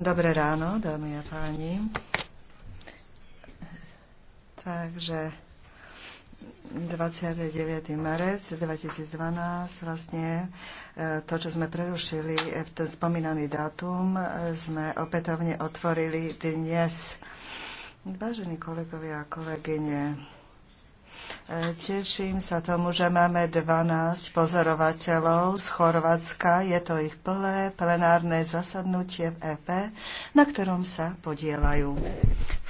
Dobré ráno, dámy a páni. Takže 29. marec 2012 vlastne e, to, čo sme prerušili v e, ten spomínaný dátum, e, sme opätovne otvorili dnes. Vážení kolegovia a kolegyne, Teším sa tomu, že máme 12 pozorovateľov z Chorvátska. Je to ich plné plenárne zasadnutie v EP, na ktorom sa podielajú.